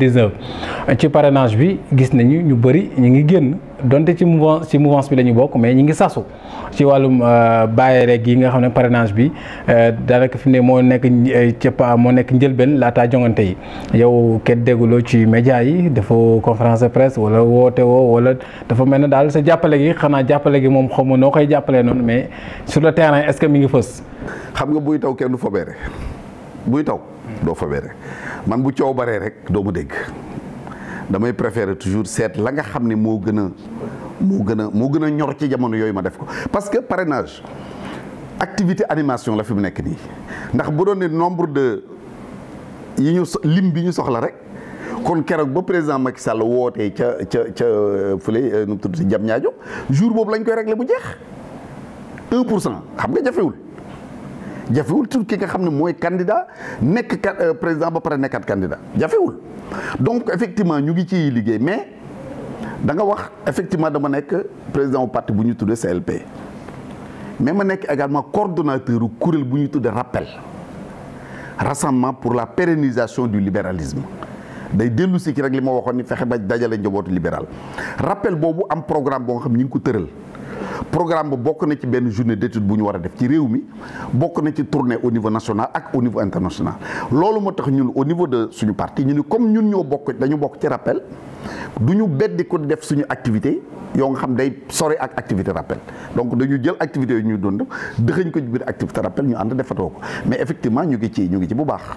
19 ci parrainage bi gis nañu ñu bëri ñu ngi génn donte ci mouvance ci mouvance bi la ñu bokk mais ñu ngi sasu ci wàllum euh, bàyyi rek yi nga xam ne parrainage bi euh, daanaka fi mu ne moo nekk euh, cëppa moo nekk njëlbeen laataa jongante yi yow kenn dégguloo ci média yi dafa conférence de presse wala woote woo wala dafa mel ne daal sa jàppale gi xanaa jàppale gi moom xaw ma noo koy jàppalee noonu mais sur le terrain est que mi ngi fës. xam nga buy taw kenn du fobeere buy taw. doo fa were man bu coow baree rek doo ma dégg damay préférer toujours seet la nga xam ni moo gën a moo gën a moo gën a ñor ci jamono yooyu ma def ko parce que parrainage activité animation la fi mu nekk nii ndax bu doon ne nombre de yi ñu lim bi ñu soxla rek kon keroog ba président Macky Sall wootee ca ca ca fule nu mu tudd si jam ñaajo jour boobu lañ koy regle bu jeex 1 pour cent xam nga jafewul. jafewul tur ki nga xam ne mooy candidat nekk euh, président ba pare nekkaat candidat jafewul donc effectivement ñu ngi ci liggéey mais da nga wax effectivement dama nekk président bu parti bu ñu tuddee CLP mais ma nekk également coordonnateur kuréel bu ñu tuddee rappel rassemblement pour la pérennisation du libéralisme day dellu si ci rek li ma waxoon ni fexe ba dajale njabootu libéral rappel boobu am programme boo nga xam ñu ngi ko tëral programme bu bokk na ci benn journée d'étude bu ñu war a def ci réew mi bokk na ci tournée au niveau national ak au niveau international loolu moo tax ñun au niveau de suñu parti ñu ni comme ñun ñoo bokk dañu bokk ci rappel du ñu beddi ko def suñu activité yoo nga xam day sore ak activité rappel donc dañu jël activité yu ñu doon def dëxëñ ko ci biir activité rappel ñu ànd defatoo ko mais effectivement ñu ngi ci ñu ngi ci bu baax